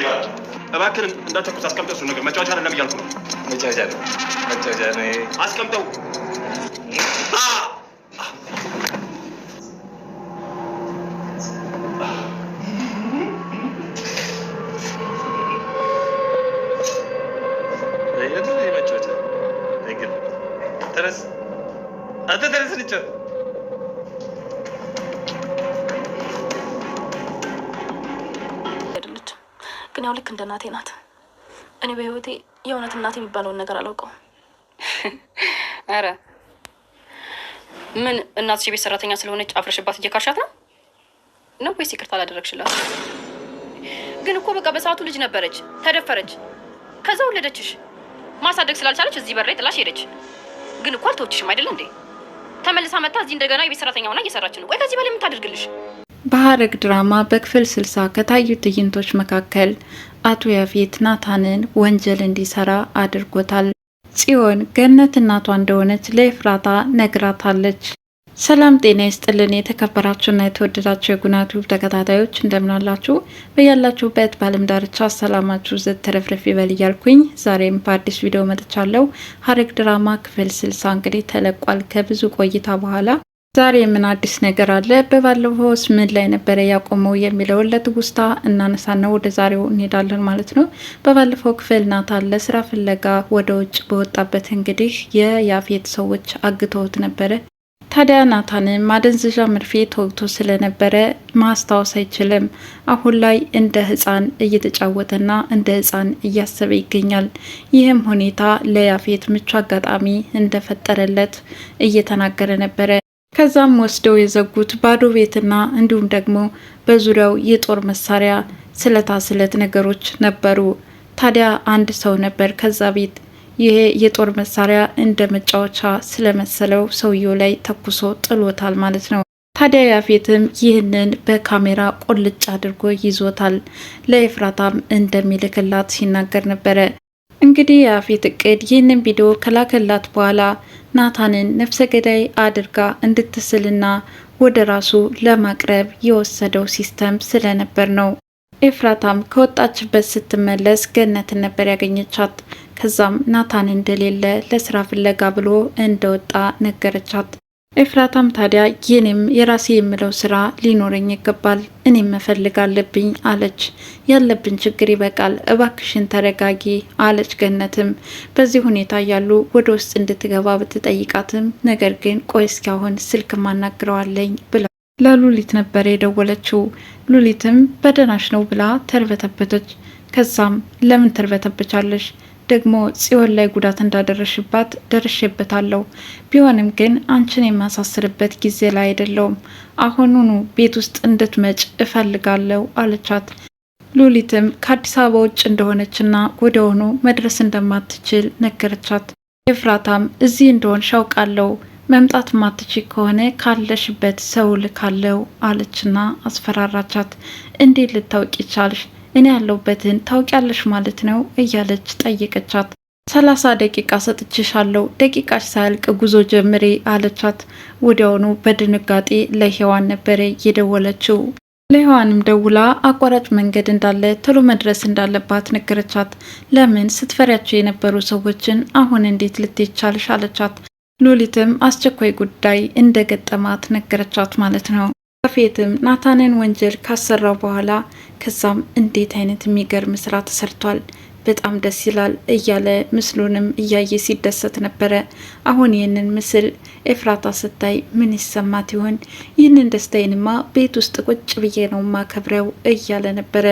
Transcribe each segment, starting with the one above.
ይባላል። እባክህን አስቀምጠው። እሱ ነገር መጫወቻ አይደለም እያልኩ ነው። መጫወቻ ነው፣ መጫወቻ ነው። አስቀምጠው። ተነስ፣ አንተ ተነስ፣ እንጫወት ግን ያው ልክ እንደ እናቴ ናት። እኔ በህይወቴ የእውነት እናቴ የሚባለውን ነገር አላውቀውም። ኧረ ምን እናትሽ የቤት ሰራተኛ ስለሆነች አፍረሽባት እየካርሻት ነው ነው ወይስ ይቅርታ አላደረግሽላት? ግን እኮ በቃ በሰዓቱ ልጅ ነበረች፣ ተደፈረች፣ ከዛ ወለደችሽ። ማሳደግ ስላልቻለች እዚህ በር ላይ ጥላሽ ሄደች። ግን እኮ አልተወችሽም አይደለ እንዴ? ተመልሳ መጣ እዚህ እንደገና የቤት ሰራተኛ ሆና እየሰራች ነው። ቆይ ከዚህ በላይ የምታደርግልሽ በሐረግ ድራማ በክፍል ስልሳ ከታዩ ትዕይንቶች መካከል አቶ ያፌት ናታንን ወንጀል እንዲሰራ አድርጎታል። ጽዮን ገነት እናቷ እንደሆነች ለኤፍራታ ነግራታለች። ሰላም ጤና ይስጥልን የተከበራችሁና የተወደዳችሁ የጉናቱ ተከታታዮች እንደምናላችሁ በያላችሁበት በዓለም ዳርቻ ሰላማችሁ ዘት ተረፍረፍ ይበል እያልኩኝ ዛሬም በአዲስ ቪዲዮ መጥቻለሁ። ሐረግ ድራማ ክፍል ስልሳ እንግዲህ ተለቋል ከብዙ ቆይታ በኋላ ዛሬ የምን አዲስ ነገር አለ? በባለፈውስ ምን ላይ ነበረ ያቆመው የሚለውን ለትውስታ እናነሳነው ወደ ዛሬው እንሄዳለን ማለት ነው። በባለፈው ክፍል ናታን ለስራ ፍለጋ ወደ ውጭ በወጣበት እንግዲህ የያፌት ሰዎች አግተውት ነበረ። ታዲያ ናታንም ማደንዘዣ መርፌ ተወግቶ ስለነበረ ማስታወስ አይችልም። አሁን ላይ እንደ ህፃን እየተጫወተና እንደ ህፃን እያሰበ ይገኛል። ይህም ሁኔታ ለያፌት ምቹ አጋጣሚ እንደፈጠረለት እየተናገረ ነበረ። ከዛም ወስደው የዘጉት ባዶ ቤትና እንዲሁም ደግሞ በዙሪያው የጦር መሳሪያ ስለታ ስለት ነገሮች ነበሩ። ታዲያ አንድ ሰው ነበር ከዛ ቤት ይሄ የጦር መሳሪያ እንደ መጫወቻ ስለመሰለው ሰውየው ላይ ተኩሶ ጥሎታል ማለት ነው። ታዲያ ያፌትም ይህንን በካሜራ ቆልጭ አድርጎ ይዞታል። ለኤፍራታም እንደሚልክላት ሲናገር ነበረ። እንግዲህ የአፌት እቅድ ይህንን ቪዲዮ ከላከላት በኋላ ናታንን ነፍሰ ገዳይ አድርጋ እንድትስልና ወደ ራሱ ለማቅረብ የወሰደው ሲስተም ስለነበር ነው። ኤፍራታም ከወጣችበት ስትመለስ ገነትን ነበር ያገኘቻት። ከዛም ናታን እንደሌለ ለስራ ፍለጋ ብሎ እንደወጣ ነገረቻት። ኤፍራታም ታዲያ የኔም የራሴ የምለው ስራ ሊኖረኝ ይገባል፣ እኔም መፈልግ አለብኝ አለች። ያለብን ችግር ይበቃል፣ እባክሽን ተረጋጊ አለች። ገነትም በዚህ ሁኔታ እያሉ ወደ ውስጥ እንድትገባ ብትጠይቃትም ነገር ግን ቆይ እስኪያሁን ስልክ ማናግረዋለኝ ብላ ለሉሊት ነበር የደወለችው። ሉሊትም በደናሽ ነው ብላ ተርበተበተች። ከዛም ለምን ተርበተበቻለሽ ደግሞ ጽዮን ላይ ጉዳት እንዳደረሽባት ደርሼበታለሁ። ቢሆንም ግን አንቺን የማሳስርበት ጊዜ ላይ አይደለውም። አሁኑኑ ቤት ውስጥ እንድትመጭ እፈልጋለሁ አለቻት። ሉሊትም ከአዲስ አበባ ውጭ እንደሆነችና ወዲያውኑ መድረስ እንደማትችል ነገረቻት። ኤፍራታም እዚህ እንደሆን ሻውቃለሁ መምጣት ማትች ከሆነ ካለሽበት ሰው ልካለው አለችና አስፈራራቻት። እንዴት ልታውቂ ቻልሽ? እኔ ያለሁበትን ታውቂያለሽ ማለት ነው እያለች ጠየቀቻት። ሰላሳ ደቂቃ ሰጥችሻለሁ፣ ደቂቃሽ ሳያልቅ ጉዞ ጀምሬ አለቻት። ወዲያውኑ በድንጋጤ ለሔዋን ነበረ የደወለችው። ለሔዋንም ደውላ አቋራጭ መንገድ እንዳለ ቶሎ መድረስ እንዳለባት ነገረቻት። ለምን ስትፈሪያቸው የነበሩ ሰዎችን አሁን እንዴት ልትሄጂ አለቻት። ሉሊትም አስቸኳይ ጉዳይ እንደገጠማት ነገረቻት ማለት ነው። ያፌትም ናታንን ወንጀል ካሰራው በኋላ ከዛም እንዴት አይነት የሚገርም ስራ ተሰርቷል በጣም ደስ ይላል እያለ ምስሉንም እያየ ሲደሰት ነበረ። አሁን ይህንን ምስል ኤፍራታ ስታይ ምን ይሰማት ይሆን? ይህንን ደስታዬንማ ቤት ውስጥ ቁጭ ብዬ ነው ማከብረው እያለ ነበረ።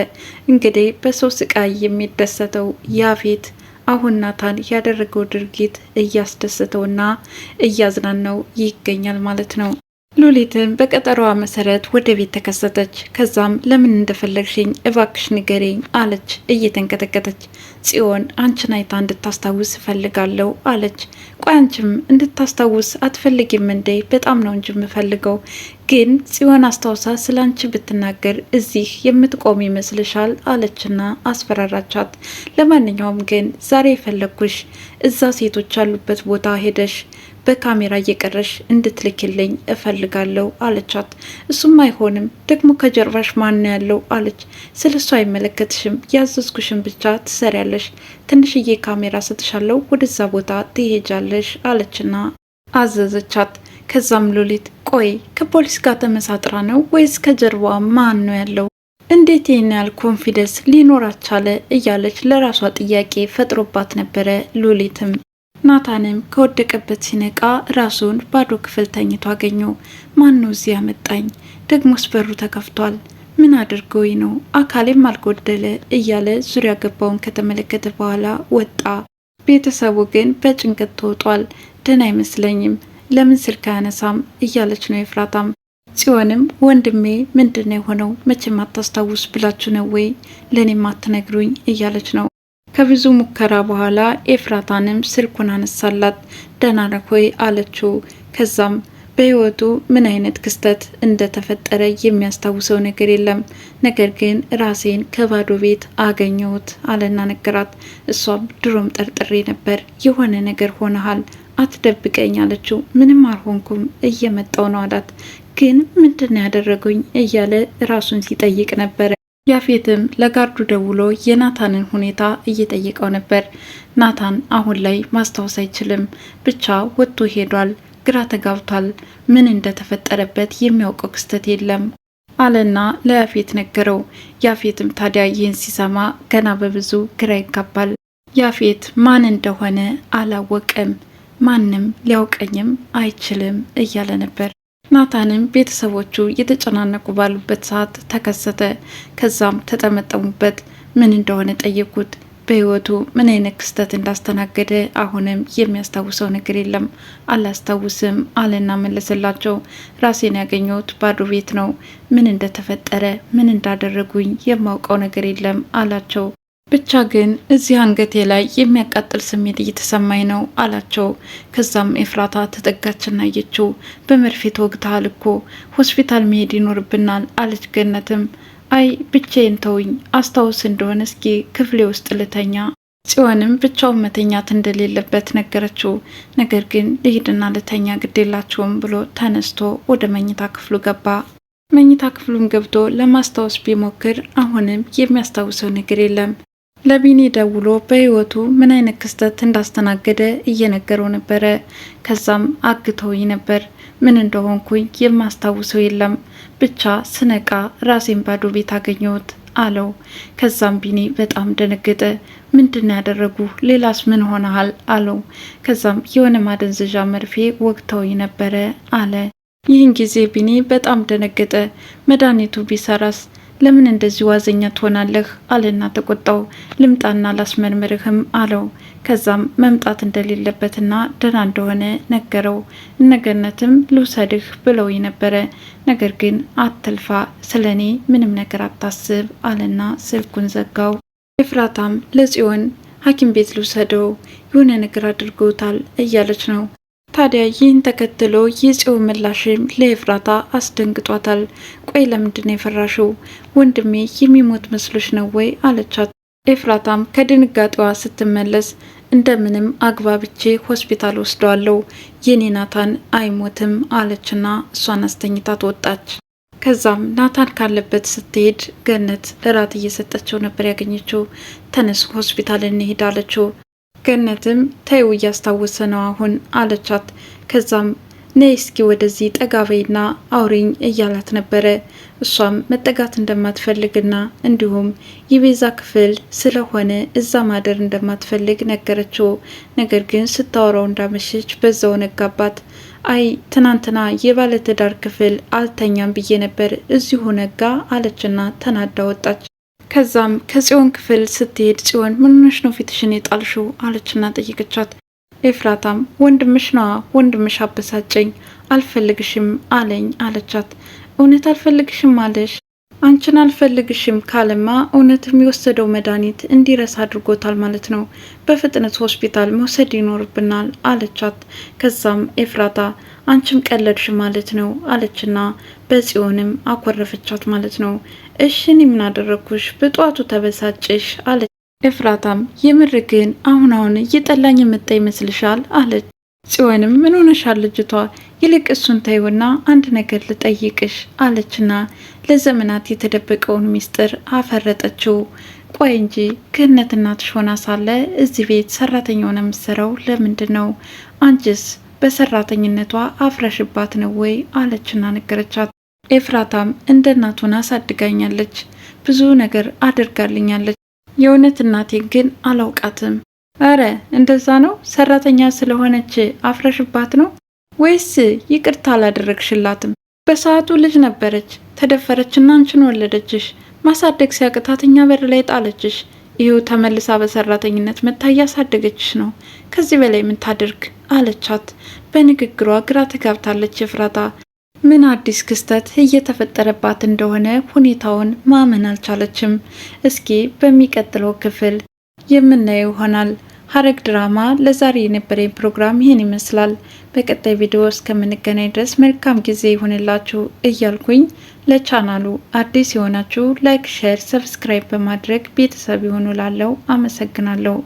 እንግዲህ በሰው ስቃይ የሚደሰተው ያፌት አሁን ናታን ያደረገው ድርጊት እያስደሰተውና እያዝናናው ይገኛል ማለት ነው። ሉሊትም በቀጠሯዋ መሰረት ወደ ቤት ተከሰተች። ከዛም ለምን እንደፈለግሽኝ እባክሽ ንገሬኝ አለች እየተንቀጠቀጠች። ጽዮን አንቺን አይታ እንድታስታውስ እፈልጋለሁ አለች። ቆይ አንቺም እንድታስታውስ አትፈልጊም እንዴ? በጣም ነው እንጂ የምፈልገው ግን ጽዮን አስታውሳ ስለ ብትናገር እዚህ የምትቆም ይመስልሻል? አለችና አስፈራራቻት። ለማንኛውም ግን ዛሬ የፈለግኩሽ እዛ ሴቶች ያሉበት ቦታ ሄደሽ በካሜራ እየቀረሽ እንድትልክልኝ እፈልጋለሁ አለቻት። እሱም አይሆንም ደግሞ ከጀርባሽ ማን ያለው አለች። ስለ እሱ አይመለከትሽም፣ ያዘዝኩሽን ብቻ ትሰሪያለሽ። ትንሽዬ ካሜራ ስትሻለው ወደዛ ቦታ ትሄጃለሽ አለችና አዘዘቻት። ከዛም ሎሊት ቆይ ከፖሊስ ጋር ተመሳጥራ ነው ወይስ ከጀርባ ማን ነው ያለው? እንዴት ይህን ያህል ኮንፊደንስ ሊኖራት ቻለ? እያለች ለራሷ ጥያቄ ፈጥሮባት ነበረ። ሎሊትም ናታንም ከወደቀበት ሲነቃ ራሱን ባዶ ክፍል ተኝቶ አገኘው። ማን ነው እዚህ ያመጣኝ? ደግሞስ በሩ ተከፍቷል። ምን አድርገው ነው? አካሌም አልጎደለ እያለ ዙሪያ ገባውን ከተመለከተ በኋላ ወጣ። ቤተሰቡ ግን በጭንቀት ተውጧል። ደህና አይመስለኝም ለምን ስልክ አያነሳም እያለች ነው ኤፍራታም። ጽዮንም ወንድሜ ምንድን ነው የሆነው? መቼም አታስታውስ ብላችሁ ነው ወይ ለእኔ ማትነግሩኝ እያለች ነው። ከብዙ ሙከራ በኋላ ኤፍራታንም ስልኩን አነሳላት። ደህና ነህ ወይ አለችው። ከዛም በህይወቱ ምን አይነት ክስተት እንደተፈጠረ የሚያስታውሰው ነገር የለም። ነገር ግን ራሴን ከባዶ ቤት አገኘሁት አለና ነገራት። እሷም ድሮም ጠርጥሬ ነበር፣ የሆነ ነገር ሆነሃል አትደብቀኝ አለችው። ምንም አልሆንኩም እየመጣው ነው አላት። ግን ምንድን ያደረጉኝ እያለ ራሱን ሲጠይቅ ነበረ። ያፌትም ለጋርዱ ደውሎ የናታንን ሁኔታ እየጠየቀው ነበር። ናታን አሁን ላይ ማስታወስ አይችልም፣ ብቻ ወጥቶ ሄዷል፣ ግራ ተጋብቷል፣ ምን እንደተፈጠረበት የሚያውቀው ክስተት የለም አለና ለያፌት ነገረው። ያፌትም ታዲያ ይህን ሲሰማ ገና በብዙ ግራ ይጋባል። ያፌት ማን እንደሆነ አላወቀም። ማንም ሊያውቀኝም አይችልም እያለ ነበር። ናታንም ቤተሰቦቹ እየተጨናነቁ ባሉበት ሰዓት ተከሰተ። ከዛም ተጠመጠሙበት። ምን እንደሆነ ጠየቁት። በህይወቱ ምን አይነት ክስተት እንዳስተናገደ አሁንም የሚያስታውሰው ነገር የለም። አላስታውስም አለና መለሰላቸው። ራሴን ያገኘሁት ባዶ ቤት ነው። ምን እንደተፈጠረ ምን እንዳደረጉኝ የማውቀው ነገር የለም አላቸው። ብቻ ግን እዚህ አንገቴ ላይ የሚያቃጥል ስሜት እየተሰማኝ ነው አላቸው። ከዛም ኤፍራታ ተጠጋችና አየችው። በመርፌ ተወግተሃል እኮ ሆስፒታል መሄድ ይኖርብናል አለች። ገነትም አይ ብቻዬን ተውኝ፣ አስታውስ እንደሆነ እስኪ ክፍሌ ውስጥ ልተኛ። ጽዮንም ብቻውን መተኛት እንደሌለበት ነገረችው። ነገር ግን ልሂድና ልተኛ ግዴላቸውም ብሎ ተነስቶ ወደ መኝታ ክፍሉ ገባ። መኝታ ክፍሉን ገብቶ ለማስታወስ ቢሞክር አሁንም የሚያስታውሰው ነገር የለም። ለቢኒ ደውሎ በህይወቱ ምን አይነት ክስተት እንዳስተናገደ እየነገረው ነበረ። ከዛም አግተውኝ ነበር፣ ምን እንደሆንኩኝ የማስታውሰው የለም፣ ብቻ ስነቃ ራሴን ባዶ ቤት አገኘሁት አለው። ከዛም ቢኒ በጣም ደነገጠ። ምንድን ያደረጉ? ሌላስ ምን ሆነሃል? አለው። ከዛም የሆነ ማደንዘዣ መርፌ ወግተውኝ ነበረ አለ። ይህን ጊዜ ቢኒ በጣም ደነገጠ። መድኃኒቱ ቢሰራስ ለምን እንደዚህ ዋዘኛ ትሆናለህ? አለና ተቆጣው። ልምጣና ላስመርምርህም አለው። ከዛም መምጣት እንደሌለበትና ደህና እንደሆነ ነገረው። እነገነትም ልውሰድህ ብለው ነበረ። ነገር ግን አትልፋ፣ ስለ እኔ ምንም ነገር አታስብ አለና ስልኩን ዘጋው። ኤፍራታም ለጽዮን ሐኪም ቤት ልውሰደው የሆነ ነገር አድርገውታል እያለች ነው ታዲያ ይህን ተከትሎ የጽዮን ምላሽም ለኤፍራታ አስደንግጧታል። ቆይ ለምንድን የፈራሽው ወንድሜ የሚሞት መስሎች ነው ወይ አለቻት። ኤፍራታም ከድንጋጤዋ ስትመለስ እንደምንም አግባብቼ ሆስፒታል ወስደዋለሁ የኔ ናታን አይሞትም አለችና እሷን አስተኝታት ወጣች። ከዛም ናታን ካለበት ስትሄድ ገነት እራት እየሰጠችው ነበር ያገኘችው። ተነስ ሆስፒታል እንሄድ አለችው። ገነትም ተይው እያስታወሰ ነው አሁን አለቻት። ከዛም ነይ እስኪ ወደዚህ ጠጋበይና አውሪኝ እያላት ነበረ። እሷም መጠጋት እንደማትፈልግና እንዲሁም የቤዛ ክፍል ስለሆነ እዛ ማደር እንደማትፈልግ ነገረችው። ነገር ግን ስታወራው እንዳመሸች በዛው ነጋባት። አይ ትናንትና የባለትዳር ክፍል አልተኛም ብዬ ነበር እዚሁ ነጋ አለችና ተናዳ ወጣች። ከዛም ከጽዮን ክፍል ስትሄድ ጽዮን ምንሽ ነው ፊትሽን የጣልሽው አለችና ጠየቀቻት። ኤፍራታም ወንድምሽ ነዋ፣ ወንድምሽ አበሳጨኝ፣ አልፈልግሽም አለኝ አለቻት። እውነት አልፈልግሽም አለሽ አንቺን አልፈልግሽም ካለማ እውነትም የወሰደው መድኃኒት እንዲረሳ አድርጎታል ማለት ነው። በፍጥነት ሆስፒታል መውሰድ ይኖርብናል አለቻት። ከዛም ኤፍራታ አንቺም ቀለድሽ ማለት ነው አለችና በጽዮንም አኮረፈቻት ማለት ነው። እሽን የምናደረግኩሽ ብጧቱ ተበሳጭሽ አለች። ኤፍራታም የምር ግን አሁን አሁን እየጠላኝ የመጣ ይመስልሻል አለች። ጽዮንም ምን ሆነሻል ልጅቷ? ይልቅ እሱን ተይውና አንድ ነገር ልጠይቅሽ አለችና ለዘመናት የተደበቀውን ሚስጥር አፈረጠችው። ቆይ እንጂ ክህነት እናትሽ ሆና ሳለ እዚህ ቤት ሰራተኛ ሆና የምትሰራው ለምንድን ነው? አንቺስ በሰራተኝነቷ አፍረሽባት ነው ወይ አለችና ነገረቻት። ኤፍራታም እንደ እናቱን አሳድጋኛለች፣ ብዙ ነገር አድርጋልኛለች። የእውነት እናቴ ግን አላውቃትም አረ እንደዛ ነው? ሰራተኛ ስለሆነች አፍረሽባት ነው ወይስ ይቅርታ አላደረግሽላትም? በሰዓቱ ልጅ ነበረች፣ ተደፈረችና አንቺን ወለደችሽ። ማሳደግ ሲያቅታትኛ በር ላይ ጣለችሽ። ይህው ተመልሳ በሰራተኝነት መታ እያሳደገችሽ ነው። ከዚህ በላይ ምን ታደርግ አለቻት። በንግግሯ ግራ ተጋብታለች የፍራታ ምን አዲስ ክስተት እየተፈጠረባት እንደሆነ ሁኔታውን ማመን አልቻለችም። እስኪ በሚቀጥለው ክፍል የምናየው ይሆናል። ሐረግ ድራማ ለዛሬ የነበረኝ ፕሮግራም ይህን ይመስላል። በቀጣይ ቪዲዮ እስከምንገናኝ ድረስ መልካም ጊዜ ይሆንላችሁ እያልኩኝ ለቻናሉ አዲስ የሆናችሁ ላይክ፣ ሼር፣ ሰብስክራይብ በማድረግ ቤተሰብ ይሆኑ ላለው አመሰግናለሁ።